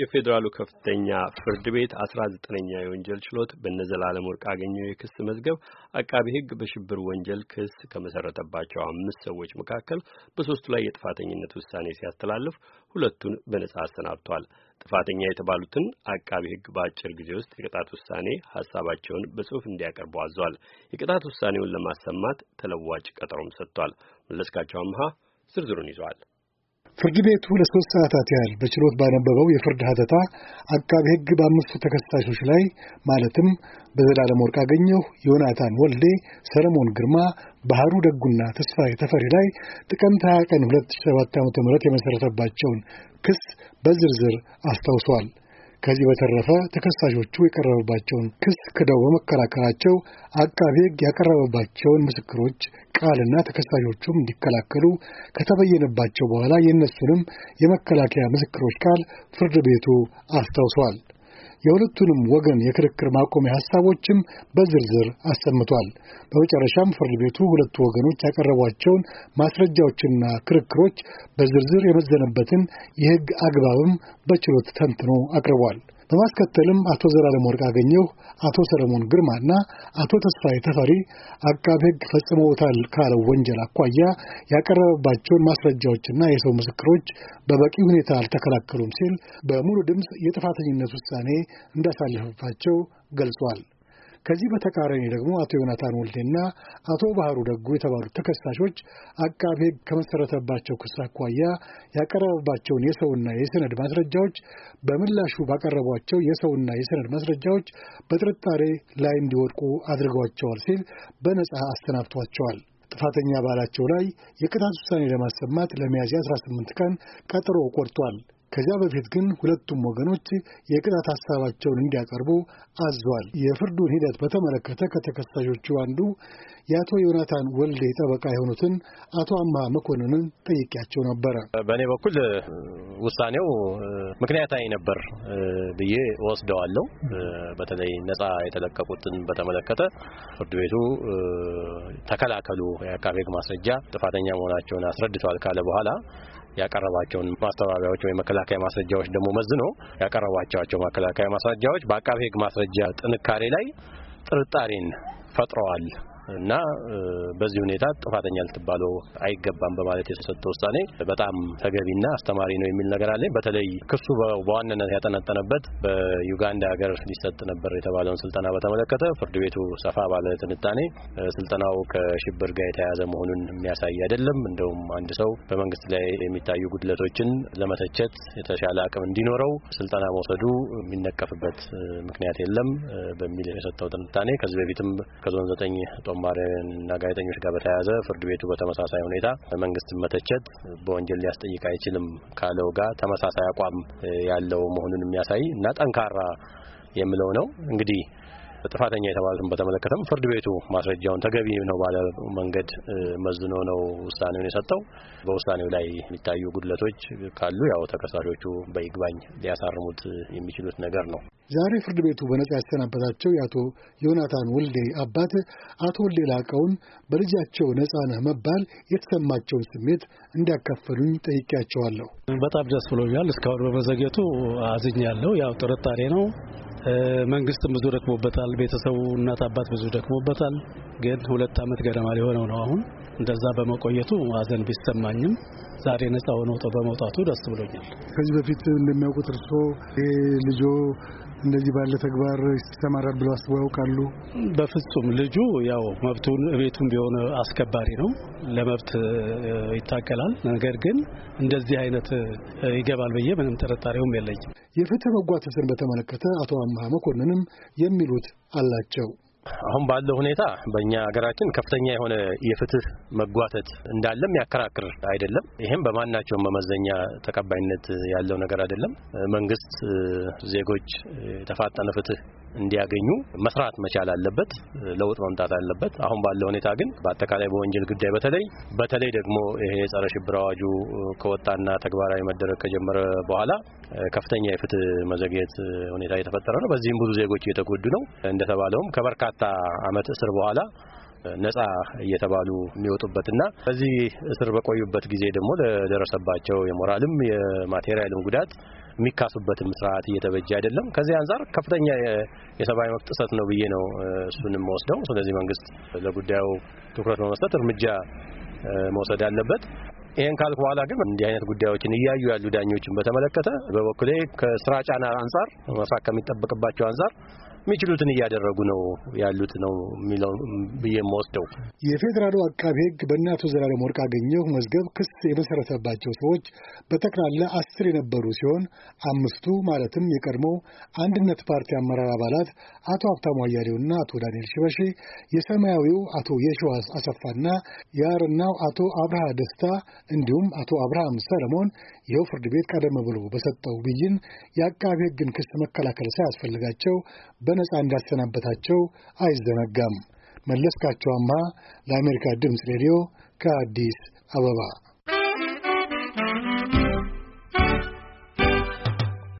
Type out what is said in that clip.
የፌዴራሉ ከፍተኛ ፍርድ ቤት አስራ ዘጠነኛ የወንጀል ችሎት በእነ ዘላለም ወርቅ አገኘው የክስ መዝገብ አቃቢ ሕግ በሽብር ወንጀል ክስ ከመሰረተባቸው አምስት ሰዎች መካከል በሶስቱ ላይ የጥፋተኝነት ውሳኔ ሲያስተላልፍ ሁለቱን በነጻ አሰናብቷል። ጥፋተኛ የተባሉትን አቃቢ ሕግ በአጭር ጊዜ ውስጥ የቅጣት ውሳኔ ሀሳባቸውን በጽሁፍ እንዲያቀርቡ አዟል። የቅጣት ውሳኔውን ለማሰማት ተለዋጭ ቀጠሮም ሰጥቷል። መለስካቸው አምሃ ዝርዝሩን ይዟል። ፍርድ ቤቱ ለሶስት ሰዓታት ያህል በችሎት ባነበበው የፍርድ ሀተታ አቃቢ ሕግ በአምስቱ ተከሳሾች ላይ ማለትም በዘላለም ወርቅ አገኘሁ፣ ዮናታን ወልዴ፣ ሰለሞን ግርማ፣ ባህሩ ደጉና ተስፋዬ ተፈሪ ላይ ጥቅምት 20 ቀን 2007 ዓ.ም የመሠረተባቸውን ክስ በዝርዝር አስታውሷል። ከዚህ በተረፈ ተከሳሾቹ የቀረበባቸውን ክስ ክደው በመከራከራቸው አቃቤ ሕግ ያቀረበባቸውን ምስክሮች ቃልና ተከሳሾቹም እንዲከላከሉ ከተበየነባቸው በኋላ የእነሱንም የመከላከያ ምስክሮች ቃል ፍርድ ቤቱ አስታውሷል። የሁለቱንም ወገን የክርክር ማቆሚያ ሀሳቦችም በዝርዝር አሰምቷል። በመጨረሻም ፍርድ ቤቱ ሁለቱ ወገኖች ያቀረቧቸውን ማስረጃዎችና ክርክሮች በዝርዝር የመዘነበትን የሕግ አግባብም በችሎት ተንትኖ አቅርቧል። በማስከተልም አቶ ዘላለም ወርቅ አገኘሁ፣ አቶ ሰለሞን ግርማና አቶ ተስፋዬ ተፈሪ አቃቤ ሕግ ፈጽመውታል ካለው ወንጀል አኳያ ያቀረበባቸውን ማስረጃዎችና የሰው ምስክሮች በበቂ ሁኔታ አልተከላከሉም ሲል በሙሉ ድምፅ የጥፋተኝነት ውሳኔ እንዳሳለፈባቸው ገልጿል። ከዚህ በተቃራኒ ደግሞ አቶ ዮናታን ወልዴና አቶ ባህሩ ደጉ የተባሉት ተከሳሾች አቃቤ ሕግ ከመሰረተባቸው ክስ አኳያ ያቀረበባቸውን የሰውና የሰነድ ማስረጃዎች በምላሹ ባቀረቧቸው የሰውና የሰነድ ማስረጃዎች በጥርጣሬ ላይ እንዲወድቁ አድርገዋቸዋል ሲል በነጻ አሰናብቷቸዋል። ጥፋተኛ ባላቸው ላይ የቅጣት ውሳኔ ለማሰማት ለሚያዝያ 18 ቀን ቀጠሮ ቆርጧል። ከዚያ በፊት ግን ሁለቱም ወገኖች የቅጣት ሀሳባቸውን እንዲያቀርቡ አዟል። የፍርዱን ሂደት በተመለከተ ከተከሳሾቹ አንዱ የአቶ ዮናታን ወልዴ ጠበቃ የሆኑትን አቶ አማ መኮንንን ጠይቄያቸው ነበረ። በእኔ በኩል ውሳኔው ምክንያታዊ ነበር ብዬ ወስደዋለሁ። በተለይ ነጻ የተለቀቁትን በተመለከተ ፍርድ ቤቱ ተከላከሉ፣ የአቃቤ ሕግ ማስረጃ ጥፋተኛ መሆናቸውን አስረድተዋል ካለ በኋላ ያቀረባቸውን ማስተባበያዎች ወይም መከላከያ ማስረጃዎች ደግሞ መዝኖ ያቀረባቸዋቸው መከላከያ ማስረጃዎች በአቃቤ ሕግ ማስረጃ ጥንካሬ ላይ ጥርጣሬን ፈጥረዋል እና በዚህ ሁኔታ ጥፋተኛ ልትባሉ አይገባም በማለት የተሰጠ ውሳኔ በጣም ተገቢና አስተማሪ ነው የሚል ነገር አለ። በተለይ ክሱ በዋናነት ያጠነጠነበት በዩጋንዳ ሀገር ሊሰጥ ነበር የተባለውን ስልጠና በተመለከተ ፍርድ ቤቱ ሰፋ ባለ ትንታኔ ስልጠናው ከሽብር ጋር የተያያዘ መሆኑን የሚያሳይ አይደለም፣ እንደውም አንድ ሰው በመንግስት ላይ የሚታዩ ጉድለቶችን ለመተቸት የተሻለ አቅም እንዲኖረው ስልጠና መውሰዱ የሚነቀፍበት ምክንያት የለም በሚል የሰጠው ትንታኔ ከዚህ በፊትም ከዞን ዘጠኝ ጦማ ከመማሪያና ጋዜጠኞች ጋር በተያያዘ ፍርድ ቤቱ በተመሳሳይ ሁኔታ መንግስት መተቸት በወንጀል ሊያስጠይቅ አይችልም ካለው ጋር ተመሳሳይ አቋም ያለው መሆኑን የሚያሳይ እና ጠንካራ የሚለው ነው እንግዲህ ጥፋተኛ የተባሉትን በተመለከተም ፍርድ ቤቱ ማስረጃውን ተገቢ ነው ባለ መንገድ መዝኖ ነው ውሳኔውን የሰጠው። በውሳኔው ላይ የሚታዩ ጉድለቶች ካሉ ያው ተከሳሾቹ በይግባኝ ሊያሳርሙት የሚችሉት ነገር ነው። ዛሬ ፍርድ ቤቱ በነጻ ያሰናበታቸው የአቶ ዮናታን ወልዴ አባት አቶ ወልዴ ላቀውን በልጃቸው ነጻ ነህ መባል የተሰማቸውን ስሜት እንዲያካፈሉኝ ጠይቄያቸዋለሁ። በጣም ደስ ብሎኛል። እስካሁን በመዘግየቱ አዝኛለሁ። ያው ጥርጣሬ ነው መንግስትም ብዙ ደክሞበታል። ቤተሰቡ እናት አባት ብዙ ደክሞበታል። ግን ሁለት ዓመት ገደማ ሊሆነው ነው አሁን። እንደዛ በመቆየቱ ሀዘን ቢሰማኝም ዛሬ ነፃ ሆኖ በመውጣቱ ደስ ብሎኛል። ከዚህ በፊት እንደሚያውቁት እርስዎ ልጆ እንደዚህ ባለ ተግባር ይሰማራል ብለው አስበው ያውቃሉ? በፍጹም ልጁ ያው መብቱን እቤቱን ቢሆን አስከባሪ ነው፣ ለመብት ይታገላል። ነገር ግን እንደዚህ አይነት ይገባል ብዬ ምንም ጥርጣሬውም የለኝም። የፍትህ መጓተትን በተመለከተ አቶ አምሃ መኮንንም የሚሉት አላቸው። አሁን ባለው ሁኔታ በእኛ ሀገራችን ከፍተኛ የሆነ የፍትህ መጓተት እንዳለም ያከራክር አይደለም። ይህም በማናቸውም መመዘኛ ተቀባይነት ያለው ነገር አይደለም። መንግስት ዜጎች የተፋጠነ ፍትህ እንዲያገኙ መስራት መቻል አለበት። ለውጥ መምጣት አለበት። አሁን ባለው ሁኔታ ግን በአጠቃላይ በወንጀል ጉዳይ በተለይ በተለይ ደግሞ ይሄ ጸረ ሽብር አዋጁ ከወጣና ተግባራዊ መደረግ ከጀመረ በኋላ ከፍተኛ የፍትህ መዘግየት ሁኔታ እየተፈጠረ ነው። በዚህም ብዙ ዜጎች እየተጎዱ ነው። እንደተባለውም ከበርካታ አመት እስር በኋላ ነጻ እየተባሉ የሚወጡበትና በዚህ እስር በቆዩበት ጊዜ ደግሞ ለደረሰባቸው የሞራልም የማቴሪያልም ጉዳት የሚካሱበትም ስርዓት እየተበጀ አይደለም። ከዚህ አንጻር ከፍተኛ የሰብአዊ መብት ጥሰት ነው ብዬ ነው እሱንም ወስደው። ስለዚህ መንግስት ለጉዳዩ ትኩረት በመስጠት እርምጃ መውሰድ አለበት። ይህን ካልኩ በኋላ ግን እንዲህ አይነት ጉዳዮችን እያዩ ያሉ ዳኞችን በተመለከተ በበኩሌ ከስራ ጫና አንጻር መስራት ከሚጠበቅባቸው አንጻር የሚችሉትን እያደረጉ ነው ያሉት ነው የሚለው ብዬ የምወስደው። የፌዴራሉ አቃቢ ሕግ በእነ አቶ ዘላለም ወርቅ አገኘሁ መዝገብ ክስ የመሰረተባቸው ሰዎች በጠቅላላ አስር የነበሩ ሲሆን አምስቱ ማለትም የቀድሞው አንድነት ፓርቲ አመራር አባላት አቶ ሀብታሙ አያሌውና አቶ ዳንኤል ሽበሺ፣ የሰማያዊው አቶ የሸዋስ አሰፋና የአርናው አቶ አብርሃ ደስታ እንዲሁም አቶ አብርሃም ሰለሞን ይኸው ፍርድ ቤት ቀደም ብሎ በሰጠው ብይን የአቃቢ ሕግን ክስ መከላከል ሳያስፈልጋቸው በነፃ እንዳሰናበታቸው አይዘነጋም። መለስካቸው ለአሜሪካ ድምፅ ሬዲዮ ከአዲስ አበባ